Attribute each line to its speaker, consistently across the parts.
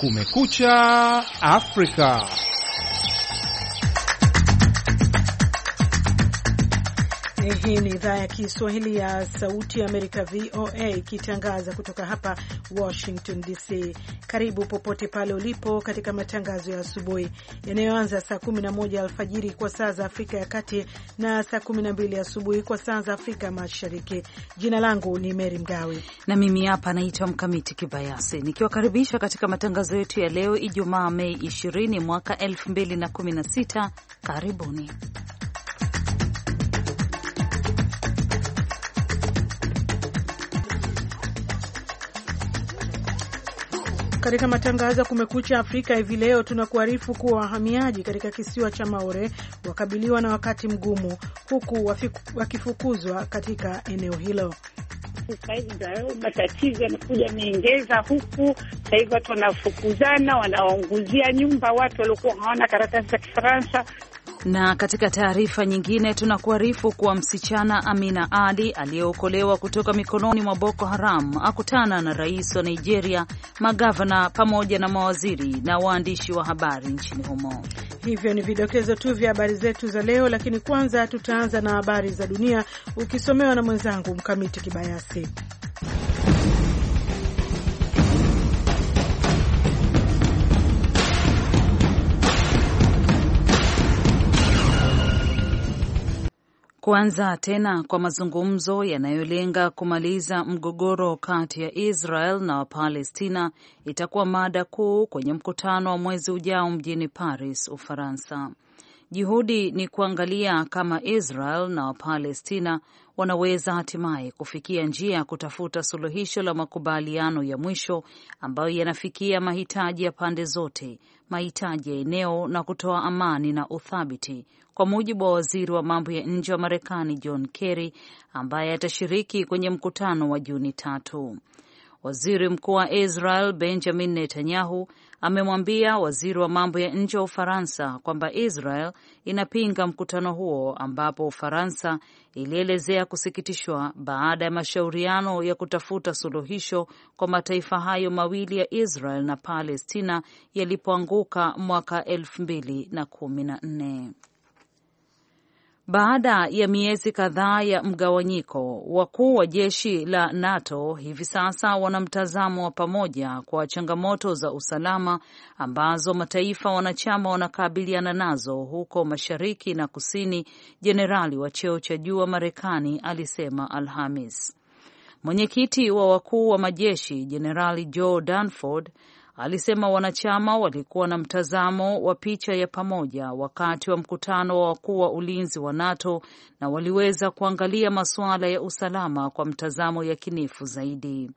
Speaker 1: Kumekucha Afrika.
Speaker 2: Hii ni idhaa ya Kiswahili ya Sauti ya Amerika, VOA, ikitangaza kutoka hapa Washington DC. Karibu popote pale ulipo katika matangazo ya asubuhi yanayoanza saa 11 alfajiri kwa saa za Afrika ya Kati na saa
Speaker 3: 12 asubuhi kwa saa za Afrika Mashariki. Jina langu ni Meri Mgawe na mimi hapa naitwa Mkamiti Kibayasi, nikiwakaribisha katika matangazo yetu ya leo Ijumaa, Mei 20 mwaka 2016. Karibuni.
Speaker 2: Katika matangazo ya Kumekucha Afrika hivi leo, tunakuarifu kuwa wahamiaji katika kisiwa cha Maore wakabiliwa na wakati mgumu, huku wakifukuzwa katika eneo hilo.
Speaker 4: Sahizi ndio matatizo yanakuja miengeza huku. Sahivi watu wanafukuzana, wanaunguzia nyumba watu waliokuwa hawana karatasi za Kifaransa.
Speaker 3: Na katika taarifa nyingine tunakuarifu kuwa msichana Amina Ali aliyeokolewa kutoka mikononi mwa Boko Haram akutana na rais wa Nigeria, magavana pamoja na mawaziri na waandishi wa habari nchini humo.
Speaker 2: Hivyo ni vidokezo tu vya habari zetu za leo, lakini kwanza tutaanza na habari za dunia ukisomewa na mwenzangu Mkamiti Kibayasi.
Speaker 3: kuanza tena kwa mazungumzo yanayolenga kumaliza mgogoro kati ya Israel na Wapalestina itakuwa mada kuu kwenye mkutano wa mwezi ujao mjini Paris, Ufaransa. Juhudi ni kuangalia kama Israel na Wapalestina wanaweza hatimaye kufikia njia ya kutafuta suluhisho la makubaliano ya mwisho ambayo yanafikia mahitaji ya pande zote mahitaji ya eneo na kutoa amani na uthabiti, kwa mujibu wa waziri wa mambo ya nje wa Marekani John Kerry ambaye atashiriki kwenye mkutano wa Juni tatu. Waziri Mkuu wa Israel Benjamin Netanyahu amemwambia waziri wa mambo ya nje wa Ufaransa kwamba Israel inapinga mkutano huo, ambapo Ufaransa ilielezea kusikitishwa baada ya mashauriano ya kutafuta suluhisho kwa mataifa hayo mawili ya Israel na Palestina yalipoanguka mwaka elfu mbili na kumi na nne. Baada ya miezi kadhaa ya mgawanyiko, wakuu wa jeshi la NATO hivi sasa wana mtazamo wa pamoja kwa changamoto za usalama ambazo mataifa wanachama wanakabiliana nazo huko mashariki na kusini, jenerali wa cheo cha juu wa Marekani alisema Alhamis. Mwenyekiti wa wakuu wa majeshi Jenerali Joe Danford alisema wanachama walikuwa na mtazamo wa picha ya pamoja wakati wa mkutano wa wakuu wa ulinzi wa NATO na waliweza kuangalia masuala ya usalama kwa mtazamo yakinifu zaidi.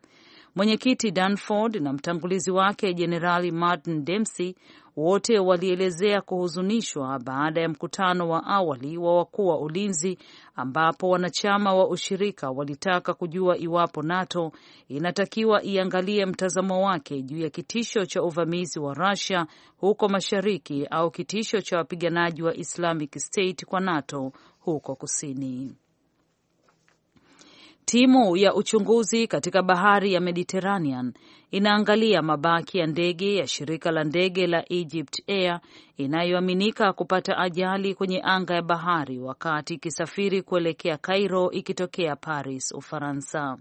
Speaker 3: Mwenyekiti Danford na mtangulizi wake Jenerali Martin Dempsey wote walielezea kuhuzunishwa baada ya mkutano wa awali wa wakuu wa ulinzi ambapo wanachama wa ushirika walitaka kujua iwapo NATO inatakiwa iangalie mtazamo wake juu ya kitisho cha uvamizi wa Russia huko mashariki au kitisho cha wapiganaji wa Islamic State kwa NATO huko kusini. Timu ya uchunguzi katika bahari ya Mediterranean inaangalia mabaki ya ndege ya shirika la ndege la Egypt Air inayoaminika kupata ajali kwenye anga ya bahari wakati ikisafiri kuelekea Cairo ikitokea Paris, Ufaransa.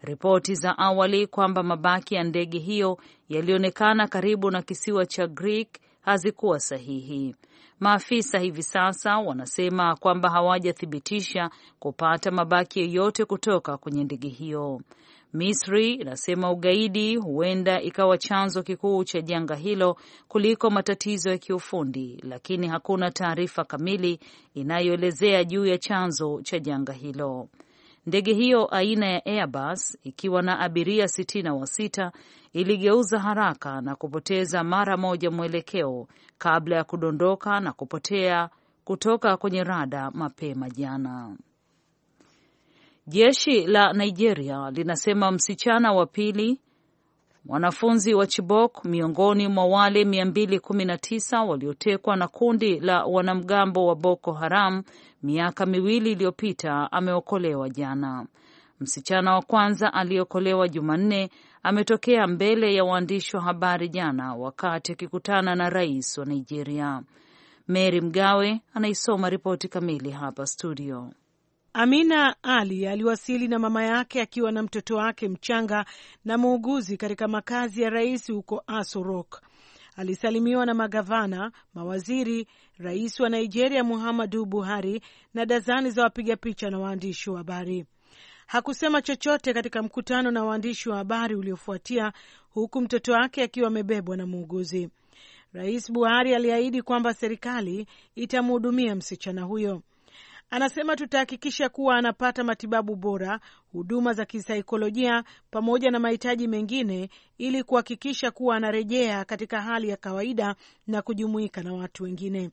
Speaker 3: Ripoti za awali kwamba mabaki ya ndege hiyo yalionekana karibu na kisiwa cha Greek hazikuwa sahihi. Maafisa hivi sasa wanasema kwamba hawajathibitisha kupata mabaki yoyote kutoka kwenye ndege hiyo. Misri inasema ugaidi huenda ikawa chanzo kikuu cha janga hilo kuliko matatizo ya kiufundi, lakini hakuna taarifa kamili inayoelezea juu ya chanzo cha janga hilo. Ndege hiyo aina ya Airbus ikiwa na abiria sitini na sita iligeuza haraka na kupoteza mara moja mwelekeo kabla ya kudondoka na kupotea kutoka kwenye rada mapema jana. Jeshi la Nigeria linasema msichana wa pili Mwanafunzi wa Chibok miongoni mwa wale 219 waliotekwa na kundi la wanamgambo wa Boko Haram miaka miwili iliyopita ameokolewa jana. Msichana wa kwanza aliyeokolewa Jumanne ametokea mbele ya waandishi wa habari jana wakati akikutana na rais wa Nigeria. Mary Mgawe anaisoma ripoti kamili hapa studio. Amina Ali aliwasili na mama yake akiwa na mtoto wake mchanga
Speaker 2: na muuguzi katika makazi ya rais huko asorok Alisalimiwa na magavana, mawaziri, rais wa Nigeria Muhammadu Buhari na dazani za wapiga picha na waandishi wa habari. Hakusema chochote katika mkutano na waandishi wa habari uliofuatia, huku mtoto wake akiwa amebebwa na muuguzi. Rais Buhari aliahidi kwamba serikali itamhudumia msichana huyo. Anasema tutahakikisha kuwa anapata matibabu bora, huduma za kisaikolojia, pamoja na mahitaji mengine ili kuhakikisha kuwa anarejea katika hali ya kawaida na kujumuika na watu wengine.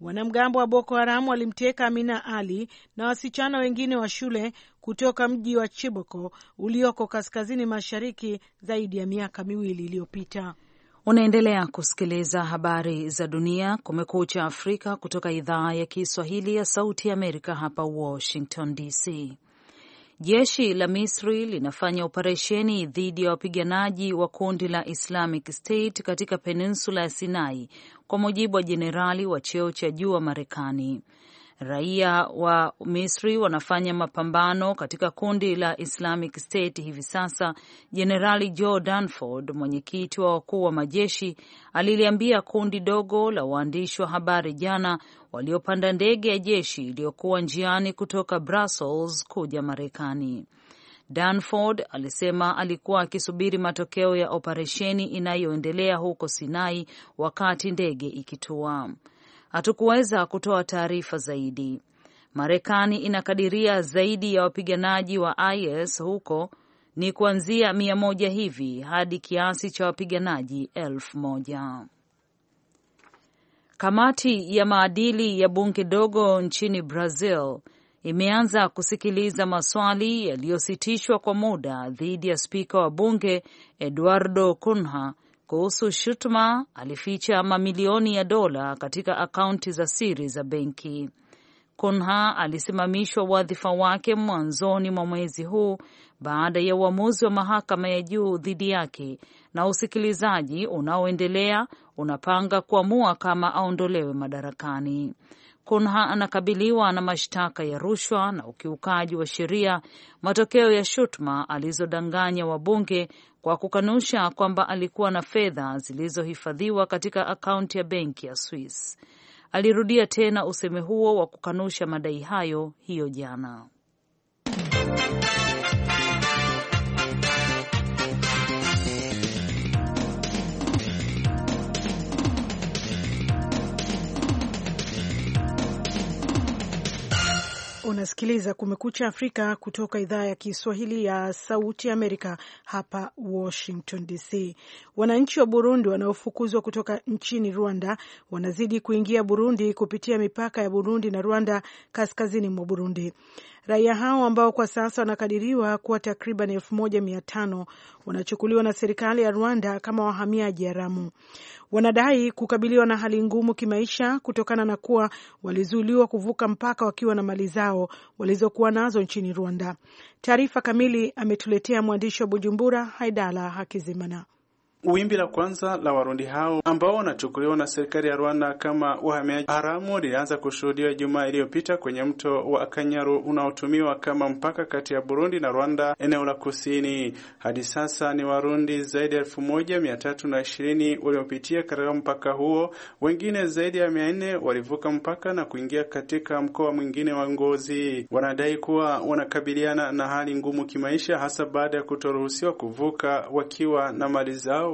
Speaker 2: Wanamgambo wa Boko Haramu walimteka Amina Ali na wasichana wengine wa shule kutoka mji wa Chiboko ulioko kaskazini mashariki zaidi ya miaka miwili iliyopita.
Speaker 3: Unaendelea kusikiliza habari za dunia Kumekucha Afrika kutoka idhaa ya Kiswahili ya Sauti ya Amerika hapa Washington DC. Jeshi la Misri linafanya operesheni dhidi ya wapiganaji wa kundi la Islamic State katika peninsula ya Sinai, kwa mujibu wa jenerali wa cheo cha juu wa Marekani. Raia wa Misri wanafanya mapambano katika kundi la Islamic State hivi sasa. Jenerali Joe Dunford, mwenyekiti wa wakuu wa majeshi, aliliambia kundi dogo la waandishi wa habari jana waliopanda ndege ya jeshi iliyokuwa njiani kutoka Brussels kuja Marekani. Danford alisema alikuwa akisubiri matokeo ya operesheni inayoendelea huko Sinai wakati ndege ikitua hatukuweza kutoa taarifa zaidi. Marekani inakadiria zaidi ya wapiganaji wa IS huko ni kuanzia mia moja hivi hadi kiasi cha wapiganaji elfu moja. Kamati ya maadili ya bunge dogo nchini Brazil imeanza kusikiliza maswali yaliyositishwa kwa muda dhidi ya spika wa bunge Eduardo Cunha kuhusu shutuma alificha mamilioni ya dola katika akaunti za siri za benki. Kunha alisimamishwa wadhifa wake mwanzoni mwa mwezi huu baada ya uamuzi wa mahakama ya juu dhidi yake, na usikilizaji unaoendelea unapanga kuamua kama aondolewe madarakani. Kunha anakabiliwa na mashtaka ya rushwa na ukiukaji wa sheria, matokeo ya shutuma alizodanganya wabunge kwa kukanusha kwamba alikuwa na fedha zilizohifadhiwa katika akaunti ya benki ya Swiss. Alirudia tena usemi huo wa kukanusha madai hayo hiyo jana.
Speaker 2: Unasikiliza Kumekucha Afrika kutoka idhaa ya Kiswahili ya Sauti Amerika, hapa Washington DC. Wananchi wa Burundi wanaofukuzwa kutoka nchini Rwanda wanazidi kuingia Burundi kupitia mipaka ya Burundi na Rwanda kaskazini mwa Burundi. Raia hao ambao kwa sasa wanakadiriwa kuwa takriban elfu moja mia tano wanachukuliwa na serikali ya Rwanda kama wahamiaji haramu. Wanadai kukabiliwa na hali ngumu kimaisha kutokana na kuwa walizuiliwa kuvuka mpaka wakiwa na mali zao walizokuwa nazo nchini Rwanda. Taarifa kamili ametuletea mwandishi wa Bujumbura, Haidala Hakizimana.
Speaker 1: Wimbi la kwanza la Warundi hao ambao wanachukuliwa na serikali ya Rwanda kama wahamiaji haramu lilianza kushuhudiwa Ijumaa iliyopita kwenye mto wa Kanyaru unaotumiwa kama mpaka kati ya Burundi na Rwanda, eneo la kusini. Hadi sasa ni Warundi zaidi ya elfu moja mia tatu na ishirini waliopitia katika mpaka huo, wengine zaidi ya mia nne walivuka mpaka na kuingia katika mkoa mwingine wa Ngozi. Wanadai kuwa wanakabiliana na hali ngumu kimaisha, hasa baada ya kutoruhusiwa kuvuka wakiwa na mali zao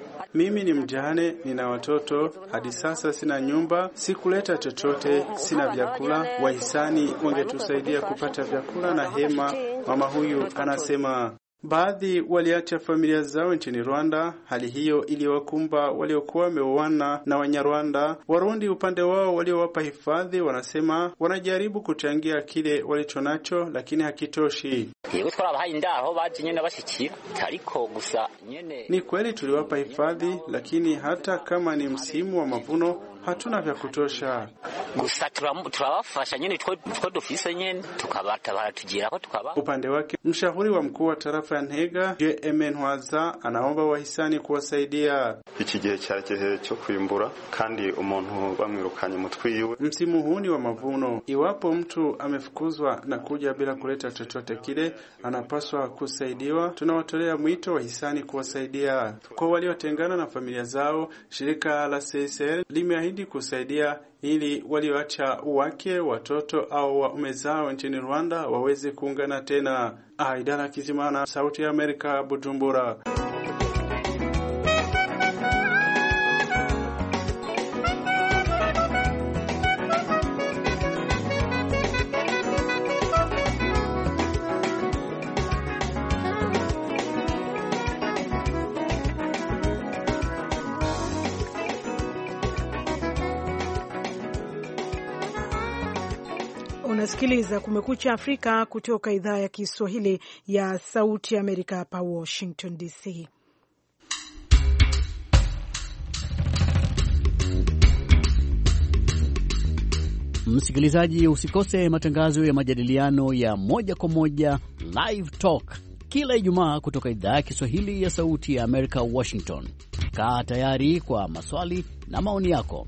Speaker 1: Mimi ni mjane, nina watoto, hadi sasa sina nyumba, sikuleta chochote, sina vyakula. Wahisani wangetusaidia kupata vyakula na hema. Mama huyu anasema Baadhi waliacha familia zao nchini Rwanda, hali hiyo iliyowakumba waliokuwa wameoana na Wanyarwanda. Warundi upande wao waliowapa hifadhi wanasema wanajaribu kuchangia kile walicho nacho, lakini hakitoshi. Ni kweli tuliwapa hifadhi, lakini hata kama ni msimu wa mavuno hatuna vya kutosha. Upande wake mshauri wa mkuu wa tarafa ya Ntega JMN Hwaza anaomba wahisani kuwasaidia. iki gihe cyari gihe cyo kwimbura kandi umuntu bamwirukanye mutwiwe. Msimu huu ni wa mavuno. Iwapo mtu amefukuzwa na kuja bila kuleta chochote kile, anapaswa kusaidiwa. Tunawatolea mwito wahisani kuwasaidia. Kwa waliotengana na familia zao, shirika la CSL limeahidi zaidi kusaidia ili walioacha wake, watoto au waume zao nchini Rwanda waweze kuungana tena. Aidara ah, Kizimana, Sauti ya Amerika, Bujumbura.
Speaker 2: kusikiliza Kumekucha Afrika kutoka idhaa ya Kiswahili ya Sauti Amerika hapa Washington DC.
Speaker 5: Msikilizaji, usikose matangazo ya majadiliano ya moja kwa moja Live Talk kila Ijumaa kutoka idhaa ya Kiswahili ya Sauti ya Amerika, Washington. Kaa tayari kwa maswali na maoni yako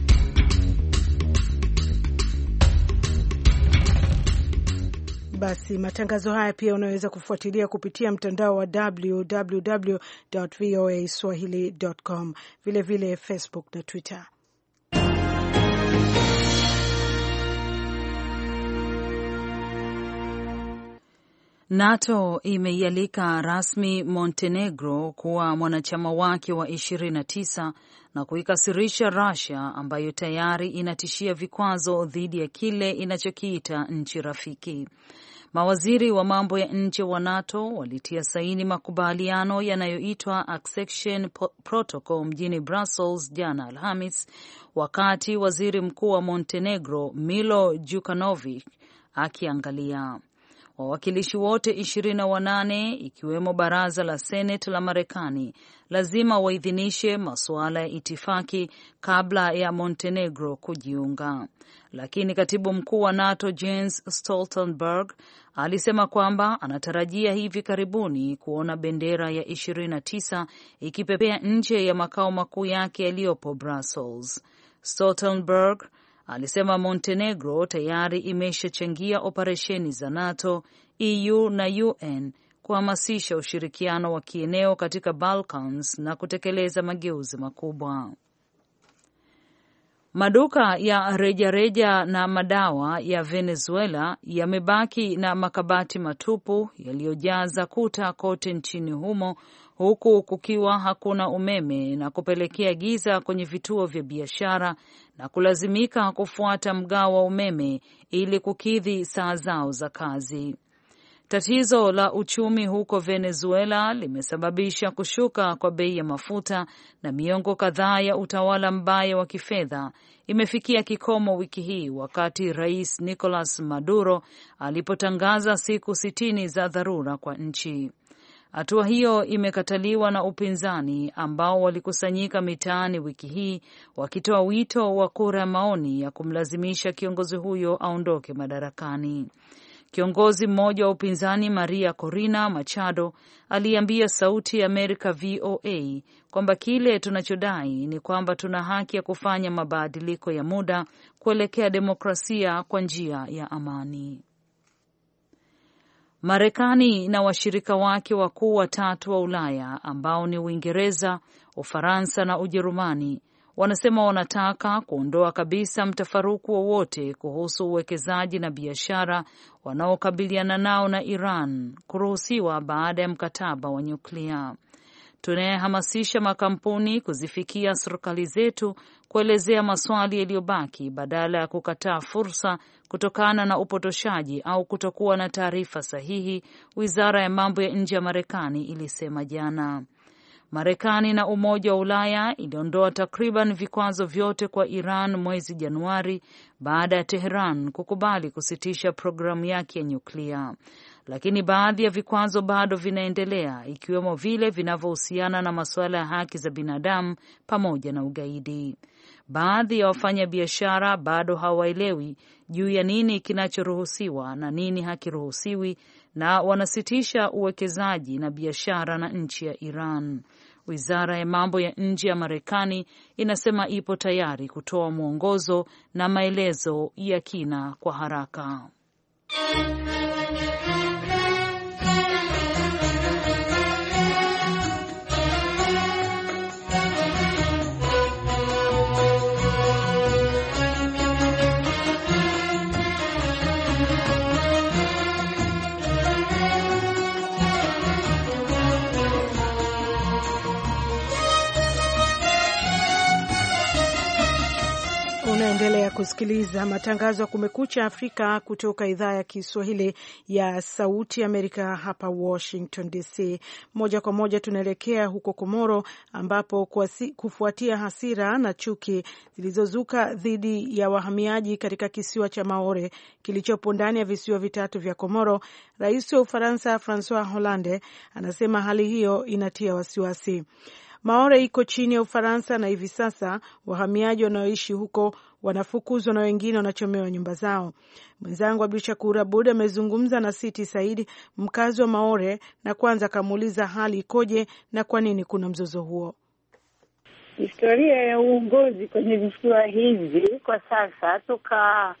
Speaker 2: Basi matangazo haya pia unaweza kufuatilia kupitia mtandao wa www voa swahili.com, vilevile
Speaker 3: Facebook na Twitter. NATO imeialika rasmi Montenegro kuwa mwanachama wake wa 29 na kuikasirisha Russia ambayo tayari inatishia vikwazo dhidi ya kile inachokiita nchi rafiki. Mawaziri wa mambo ya nje wa NATO walitia saini makubaliano yanayoitwa Accession Protocol mjini Brussels jana Alhamis, wakati waziri mkuu wa Montenegro Milo Jukanovic akiangalia Wawakilishi wote ishirini na wanane ikiwemo baraza la seneti la Marekani lazima waidhinishe masuala ya itifaki kabla ya Montenegro kujiunga, lakini katibu mkuu wa NATO Jens Stoltenberg alisema kwamba anatarajia hivi karibuni kuona bendera ya 29 ikipepea nje ya makao makuu yake yaliyopo Brussels. Stoltenberg alisema Montenegro tayari imeshachangia operesheni za NATO, EU na UN kuhamasisha ushirikiano wa kieneo katika Balkans na kutekeleza mageuzi makubwa. Maduka ya rejareja reja na madawa ya Venezuela yamebaki na makabati matupu yaliyojaza kuta kote nchini humo huku kukiwa hakuna umeme na kupelekea giza kwenye vituo vya biashara na kulazimika kufuata mgao wa umeme ili kukidhi saa zao za kazi. Tatizo la uchumi huko Venezuela limesababisha kushuka kwa bei ya mafuta na miongo kadhaa ya utawala mbaya wa kifedha imefikia kikomo wiki hii wakati Rais Nicolas Maduro alipotangaza siku sitini za dharura kwa nchi. Hatua hiyo imekataliwa na upinzani ambao walikusanyika mitaani wiki hii wakitoa wito wa kura ya maoni ya kumlazimisha kiongozi huyo aondoke madarakani. Kiongozi mmoja wa upinzani Maria Corina Machado aliambia Sauti ya Amerika VOA kwamba kile tunachodai ni kwamba tuna haki ya kufanya mabadiliko ya muda kuelekea demokrasia kwa njia ya amani. Marekani na washirika wake wakuu watatu wa Ulaya ambao ni Uingereza, Ufaransa na Ujerumani wanasema wanataka kuondoa kabisa mtafaruku wowote kuhusu uwekezaji na biashara wanaokabiliana nao na Iran kuruhusiwa baada ya mkataba wa nyuklia. Tunayehamasisha makampuni kuzifikia serikali zetu kuelezea maswali yaliyobaki badala ya kukataa fursa kutokana na upotoshaji au kutokuwa na taarifa sahihi, wizara ya mambo ya nje ya Marekani ilisema jana. Marekani na Umoja wa Ulaya iliondoa takriban vikwazo vyote kwa Iran mwezi Januari baada ya Teheran kukubali kusitisha programu yake ya nyuklia, lakini baadhi ya vikwazo bado vinaendelea, ikiwemo vile vinavyohusiana na masuala ya haki za binadamu pamoja na ugaidi. Baadhi ya wafanyabiashara bado hawaelewi juu ya nini kinachoruhusiwa na nini hakiruhusiwi, na wanasitisha uwekezaji na biashara na nchi ya Iran. Wizara ya mambo ya nje ya Marekani inasema ipo tayari kutoa mwongozo na maelezo ya kina kwa haraka.
Speaker 2: unasikiliza matangazo ya Kumekucha Afrika kutoka idhaa ya Kiswahili ya Sauti Amerika hapa Washington DC. Moja kwa moja tunaelekea huko Komoro, ambapo kufuatia hasira na chuki zilizozuka dhidi ya wahamiaji katika kisiwa cha Maore kilichopo ndani ya visiwa vitatu vya Komoro, rais wa Ufaransa Francois Hollande anasema hali hiyo inatia wasiwasi. Maore iko chini ya Ufaransa na hivi sasa wahamiaji wanaoishi huko wanafukuzwa na wengine wanachomewa nyumba zao. Mwenzangu Abdu Shakur Abud amezungumza na Siti saidi mkazi wa Maore, na kwanza akamuuliza hali ikoje na kwa nini kuna mzozo huo.
Speaker 4: Historia ya uongozi kwenye visiwa hivi kwa sasa toka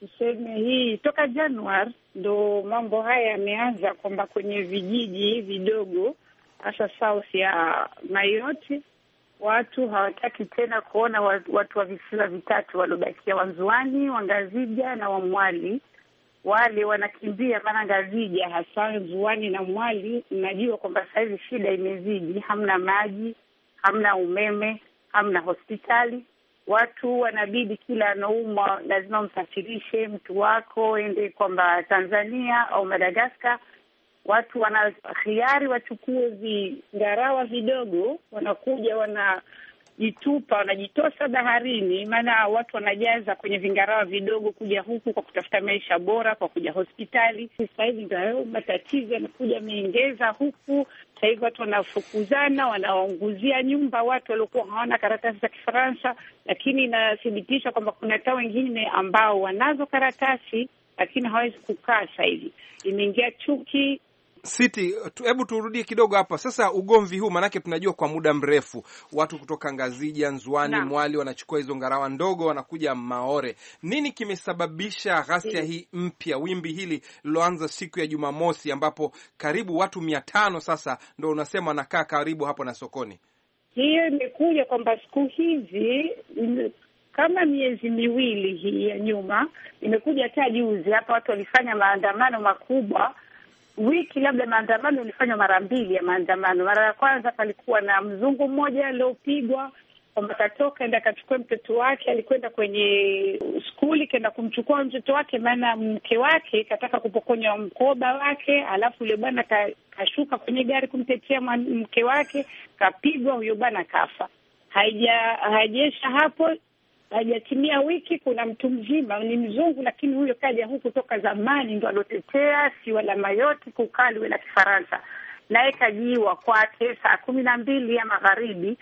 Speaker 4: tuseme hii toka Januari ndo mambo haya yameanza, kwamba kwenye vijiji vidogo hasa south ya Mayoti watu hawataki tena kuona watu wa visiwa vitatu waliobakia Wanzuani, Wangazija na Wamwali. Wale wanakimbia, maana Ngazija hasa Nzuani na Mwali, mnajua kwamba sahizi shida imezidi, hamna maji, hamna umeme, hamna hospitali. Watu wanabidi kila anaumwa lazima msafirishe mtu wako ende kwamba Tanzania au Madagaskar watu wana hiari wachukue vingarawa vidogo, wanakuja wanajitupa, wanajitosa baharini, maana watu wanajaza kwenye vingarawa vidogo kuja huku kwa kutafuta maisha bora, kwa kuja hospitali. Sasa hivi ndo hayo matatizo yanakuja ameongeza huku. Sasa hivi watu wanafukuzana, wanawaunguzia nyumba watu waliokuwa hawana karatasi za Kifaransa, lakini inathibitisha kwamba kuna hata wengine ambao wanazo karatasi lakini hawezi kukaa. Sasa hivi imeingia chuki
Speaker 1: Siti, hebu turudie kidogo hapa sasa, ugomvi huu maanake tunajua kwa muda mrefu watu kutoka Ngazija, Nzwani, Mwali wanachukua hizo ngarawa ndogo wanakuja Maore. Nini kimesababisha ghasia mm. hii mpya, wimbi hili liloanza siku ya Jumamosi ambapo karibu watu mia tano sasa ndo unasema wanakaa karibu hapo na sokoni?
Speaker 4: Hiyo imekuja kwamba siku hizi mm, kama miezi miwili hii ya nyuma imekuja hata juzi hapa, watu walifanya maandamano makubwa wiki labda maandamano ilifanywa mara mbili ya maandamano. Mara ya kwanza palikuwa na mzungu mmoja aliopigwa kwamba katoka enda akachukua mtoto wake, alikwenda kwenye skuli kaenda kumchukua mtoto wake, maana mke wake kataka kupokonywa mkoba wake, alafu yule bwana ka, kashuka kwenye gari kumtetea mke wake, kapigwa huyo bwana kafa. Haija haijaisha hapo, hajatimia wiki, kuna mtu mzima ni mzungu, lakini huyo kaja huku toka zamani, ndo aliotetea siwa la mayoti kukaliwe la Kifaransa, naye kajiwa kwake saa kumi na mbili ya magharibi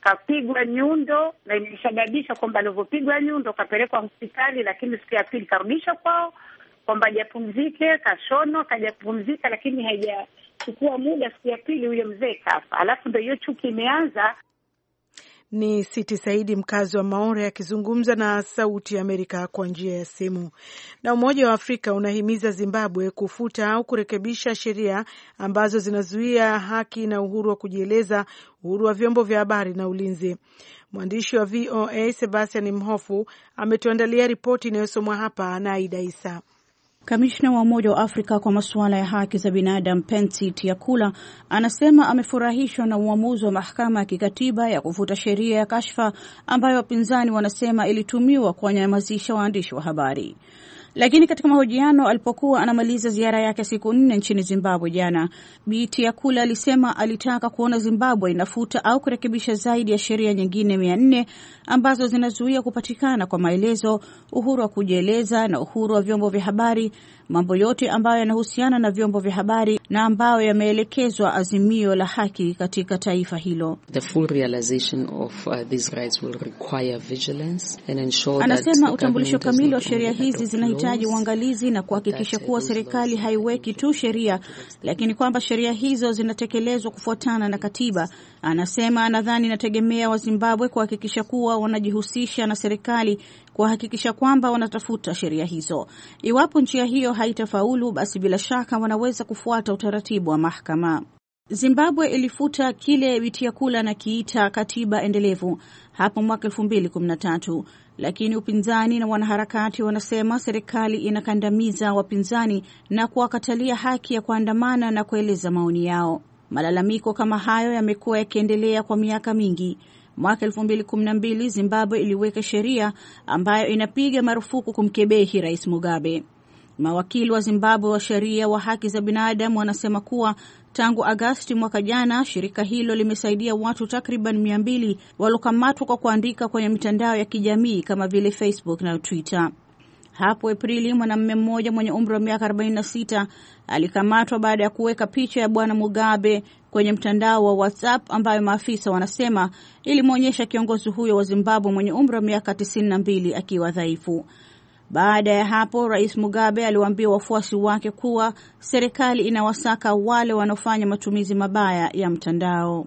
Speaker 4: kapigwa nyundo na imesababisha kwamba alivyopigwa nyundo kapelekwa hospitali, lakini siku ya pili karudishwa kwao kwamba ajapumzike kashonwa kaja kupumzika, lakini haijachukua muda, siku ya pili huyo mzee kafa. Alafu ndo hiyo chuki imeanza.
Speaker 2: Ni Siti Saidi, mkazi wa Maore, akizungumza na Sauti ya Amerika kwa njia ya simu. Na Umoja wa Afrika unahimiza Zimbabwe kufuta au kurekebisha sheria ambazo zinazuia haki na uhuru wa kujieleza, uhuru wa vyombo vya habari na ulinzi. Mwandishi wa VOA Sebastian Mhofu ametuandalia ripoti inayosomwa hapa na Aida Isa.
Speaker 6: Kamishna wa Umoja wa Afrika kwa masuala ya haki za binadamu Pensi Tiakula anasema amefurahishwa na uamuzi wa mahakama ya kikatiba ya kufuta sheria ya kashfa ambayo wapinzani wanasema ilitumiwa kuwanyamazisha waandishi wa habari. Lakini katika mahojiano alipokuwa anamaliza ziara yake siku nne nchini Zimbabwe jana, biti Kula alisema alitaka kuona Zimbabwe inafuta au kurekebisha zaidi ya sheria nyingine mia nne ambazo zinazuia kupatikana kwa maelezo, uhuru wa kujieleza na uhuru wa vyombo vya habari mambo yote ambayo yanahusiana na vyombo vya habari na ambayo yameelekezwa
Speaker 3: azimio la haki katika taifa hilo. The full realization of uh, these rights will require vigilance and ensure that. Anasema utambulisho
Speaker 6: kamili wa sheria hizi zinahitaji uangalizi na kuhakikisha kuwa serikali haiweki tu sheria, lakini kwamba sheria hizo zinatekelezwa kufuatana na katiba Anasema nadhani inategemea Wazimbabwe kuhakikisha kuwa wanajihusisha na serikali kuhakikisha kwamba wanatafuta sheria hizo. Iwapo njia hiyo haitafaulu, basi bila shaka wanaweza kufuata utaratibu wa mahakama. Zimbabwe ilifuta kile kula na kiita katiba endelevu hapo mwaka elfu mbili kumi na tatu, lakini upinzani na wanaharakati wanasema serikali inakandamiza wapinzani na kuwakatalia haki ya kuandamana na kueleza maoni yao. Malalamiko kama hayo yamekuwa yakiendelea kwa miaka mingi. Mwaka 2012 Zimbabwe iliweka sheria ambayo inapiga marufuku kumkebehi Rais Mugabe. Mawakili wa Zimbabwe wa sheria wa haki za binadamu wanasema kuwa tangu Agasti mwaka jana, shirika hilo limesaidia watu takriban 200 waliokamatwa kwa kuandika kwenye mitandao ya kijamii kama vile Facebook na Twitter. Hapo Aprili, mwanamume mmoja mwenye umri wa miaka 46 alikamatwa baada ya kuweka picha ya bwana Mugabe kwenye mtandao wa WhatsApp ambayo maafisa wanasema ilimwonyesha kiongozi huyo wa Zimbabwe mwenye umri wa miaka 92 akiwa dhaifu. Baada ya hapo, Rais Mugabe aliwaambia wafuasi wake kuwa serikali inawasaka wale wanaofanya matumizi
Speaker 5: mabaya ya mtandao.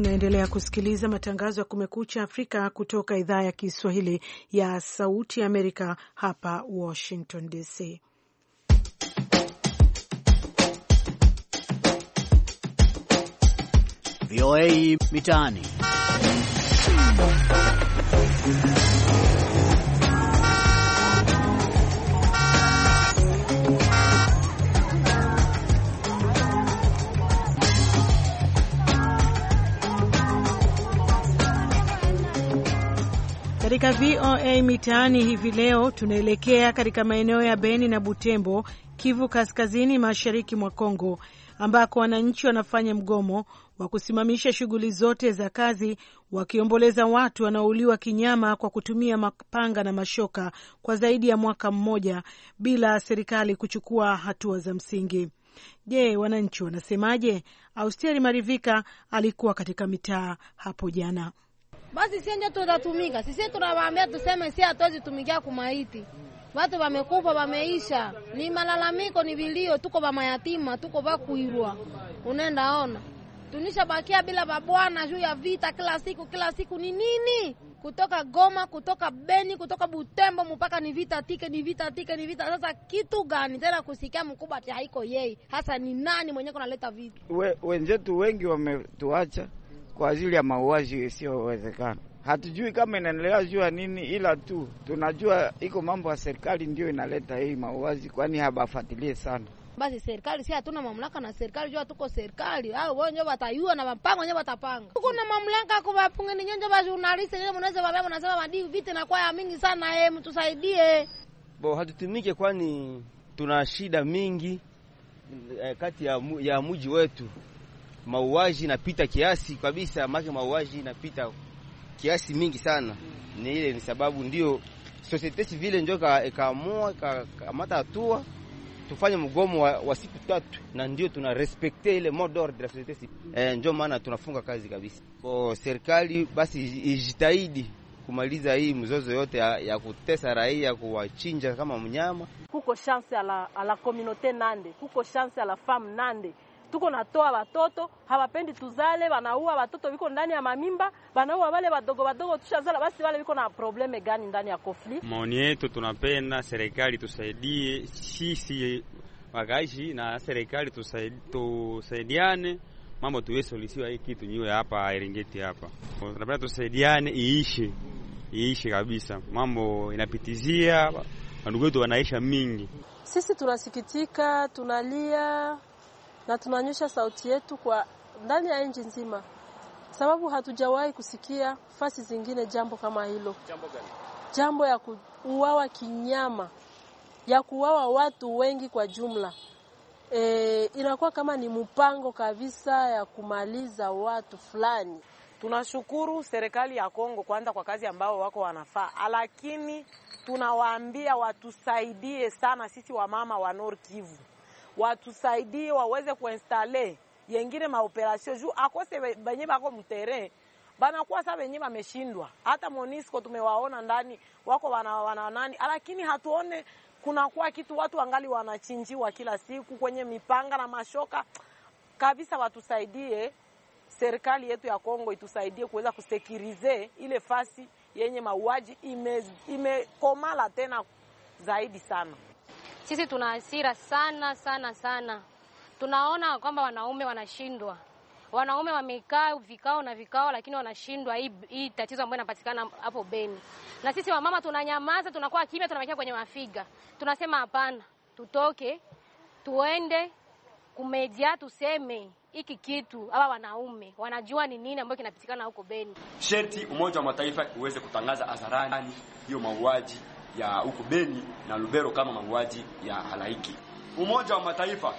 Speaker 2: Unaendelea kusikiliza matangazo ya Kumekucha Afrika kutoka idhaa ya Kiswahili ya Sauti ya Amerika, hapa Washington DC.
Speaker 5: VOA Mitaani.
Speaker 2: Katika VOA Mitaani hivi leo tunaelekea katika maeneo ya Beni na Butembo, Kivu Kaskazini, mashariki mwa Kongo, ambako wananchi wanafanya mgomo wa kusimamisha shughuli zote za kazi, wakiomboleza watu wanaouliwa kinyama kwa kutumia mapanga na mashoka kwa zaidi ya mwaka mmoja bila serikali kuchukua hatua za msingi. Je, wananchi wanasemaje? Austeri Marivika alikuwa katika mitaa hapo jana basi sisi ndio tutatumika. Sisi tunawaambia tuseme, si hatuwezi tumikia kumaiti, watu wamekufa wameisha, ni malalamiko ni vilio, tuko wamayatima, tuko vakuirwa, unaenda ona tunishabakia bila babwana juu ya vita kila siku kila siku. Ni nini kutoka Goma, kutoka Beni, kutoka Butembo mpaka ni vita tike, ni vita tike, ni vita sasa. Kitu gani tena kusikia mkubwa ati haiko yeye? Hasa ni nani mwenye kunaleta vita?
Speaker 4: We, wenzetu wengi wametuacha kwa ajili ya mauaji isiyowezekana. Hatujui kama inaendelea jua nini, ila tu tunajua iko mambo ya serikali ndio inaleta hii mauaji, kwani habafuatilie sana.
Speaker 2: Basi serikali si hatuna mamlaka na serikali jua tuko serikali au wenyewe watayua na mpango wenyewe watapanga. Tuko na mamlaka kuwapunga ni nyenje basi unalisa ile mnaweza baba mnasema madii vite na kwa mingi sana eh, mtusaidie.
Speaker 1: Bo hatutimike, kwani tuna shida mingi
Speaker 5: eh, kati ya, ya mji wetu mauaji inapita kiasi kabisa, make mauaji inapita kiasi mingi sana. Ni ile ni sababu ndio societe civile ndio ikaamua kamata hatua tufanye mgomo wa, wa siku
Speaker 2: tatu, na ndio tuna respekte ile mode d'ordre la societe civile eh, ndio maana tunafunga kazi kabisa. Kwa
Speaker 5: serikali basi ijitahidi kumaliza hii mzozo yote ya, ya kutesa raia kuwachinja kama mnyama.
Speaker 2: Kuko chance ala, ala communauté nande, kuko chance ala femme nande tuko natoa watoto, hawapendi tuzale, wanaua watoto viko ndani ya mamimba, wanaua wale wadogo wadogo tushazala, basi wale viko na probleme gani ndani ya kofli? Maoni
Speaker 1: yetu tunapenda serikali tusaidie sisi wakaishi na serikali tusaidiane, mambo tuwe solisiwa hii kitu nyiwe hapa Eringeti hapa, tunapenda tusaidiane iishi iishi kabisa, mambo inapitizia, wandugu wetu wanaisha mingi.
Speaker 2: Sisi tunasikitika, tunalia na tunanyosha sauti yetu kwa ndani ya nchi nzima, sababu hatujawahi kusikia fasi zingine jambo kama hilo. Jambo gani? Jambo ya kuuawa kinyama, ya kuuawa watu wengi kwa jumla. E, inakuwa kama ni mpango kabisa ya kumaliza watu fulani. Tunashukuru serikali ya Kongo kwanza kwa kazi ambao wako wanafaa, lakini tunawaambia watusaidie sana sisi wamama wa Nord Kivu watusaidie waweze kuinstale yengine maoperasio juu akose benye bako mterrain banakuwa sa benye bameshindwa. Hata Monisco tumewaona ndani wako wana, wana nani, lakini hatuone kunakuwa kitu, watu wangali wanachinjiwa kila siku kwenye mipanga na mashoka kabisa. Watusaidie, serikali yetu ya Kongo itusaidie kuweza kusekirize ile fasi yenye mauaji imekomala ime tena zaidi sana. Sisi tuna hasira sana sana sana, tunaona kwamba wanaume wanashindwa, wanaume wamekaa vikao na vikao, lakini wanashindwa hii hii tatizo ambayo inapatikana hapo Beni. Na sisi wamama tunanyamaza, tunakuwa kimya, tunabakia kwenye mafiga, tunasema hapana, tutoke tuende kumedia, tuseme hiki kitu hawa wanaume wanajua ni nini ambayo kinapitikana huko Beni.
Speaker 5: Sheti Umoja wa Mataifa uweze kutangaza hadharani hiyo mauaji ya huku Beni na Lubero kama mauaji ya halaiki. Umoja wa Mataifa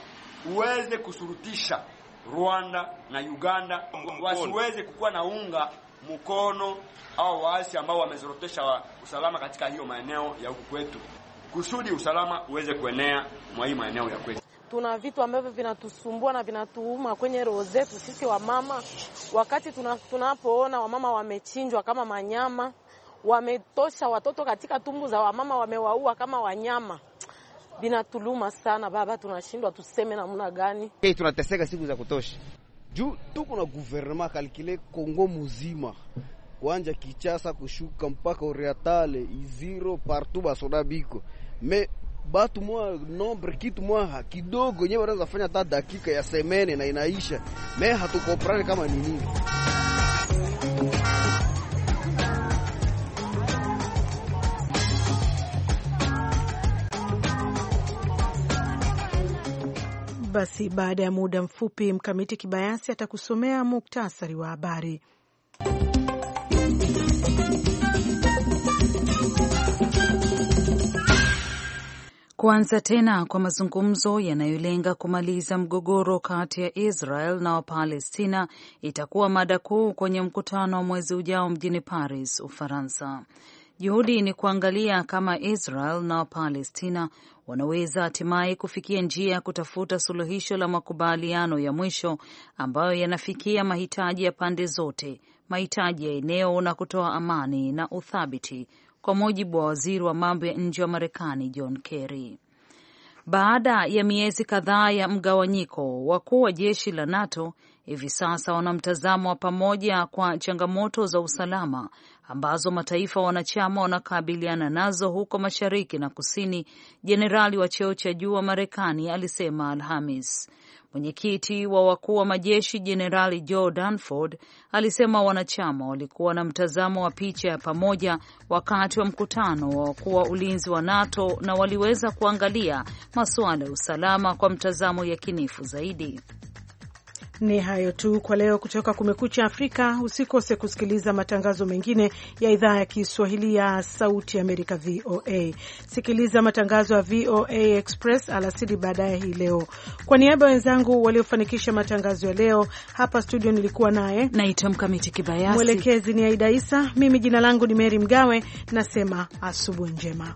Speaker 5: uweze kusurutisha Rwanda na Uganda wasiweze kukuwa na unga mkono au waasi ambao wamezorotesha wa usalama katika hiyo maeneo ya huku kwetu, kusudi usalama uweze kuenea mwa hii maeneo ya kwetu.
Speaker 2: Tuna vitu ambavyo vinatusumbua na vinatuuma kwenye roho zetu sisi wamama, wakati tunapoona wamama wamechinjwa kama manyama wametosha watoto katika tumbu za wamama, wamewaua kama wanyama. Vinatuluma sana baba, tunashindwa tuseme namna gani.
Speaker 5: Hey, tunateseka siku za kutosha juu tuko na guvernema kalkile Kongo muzima kuanja Kichasa kushuka mpaka Oriatale iziro partout basoda biko me batu mwa nombre kitu mwa kidogo nyewe wanaweza fanya hata dakika ya semene na inaisha. Me hatukoprane kama ni nini
Speaker 2: Basi baada ya muda mfupi, Mkamiti Kibayasi atakusomea muktasari wa habari.
Speaker 3: Kuanza tena kwa mazungumzo yanayolenga kumaliza mgogoro kati ya Israel na Wapalestina itakuwa mada kuu kwenye mkutano wa mwezi ujao mjini Paris, Ufaransa. Juhudi ni kuangalia kama Israel na Wapalestina wanaweza hatimaye kufikia njia ya kutafuta suluhisho la makubaliano ya mwisho ambayo yanafikia mahitaji ya pande zote, mahitaji ya eneo na kutoa amani na uthabiti, kwa mujibu wa waziri wa mambo ya nje wa Marekani John Kerry. Baada ya miezi kadhaa ya mgawanyiko, wakuu wa jeshi la NATO hivi sasa wana mtazamo wa pamoja kwa changamoto za usalama ambazo mataifa wanachama wanakabiliana nazo huko mashariki na kusini, jenerali wa cheo cha juu wa Marekani alisema Alhamis. Mwenyekiti wa wakuu wa majeshi Jenerali Joe Dunford alisema wanachama walikuwa na mtazamo wa picha ya pamoja wakati wa mkutano wa wakuu wa ulinzi wa NATO na waliweza kuangalia masuala ya usalama kwa mtazamo yakinifu zaidi.
Speaker 2: Ni hayo tu kwa leo kutoka Kumekucha Afrika. Usikose kusikiliza matangazo mengine ya idhaa ya Kiswahili ya Sauti Amerika, VOA. Sikiliza matangazo ya VOA Express alasiri baadaye hii leo. Kwa niaba ya wenzangu waliofanikisha matangazo ya leo hapa studio, nilikuwa naye naitwa Mkamiti Kibayasi, mwelekezi ni Aida Isa, mimi jina langu ni Meri Mgawe, nasema asubuhi njema.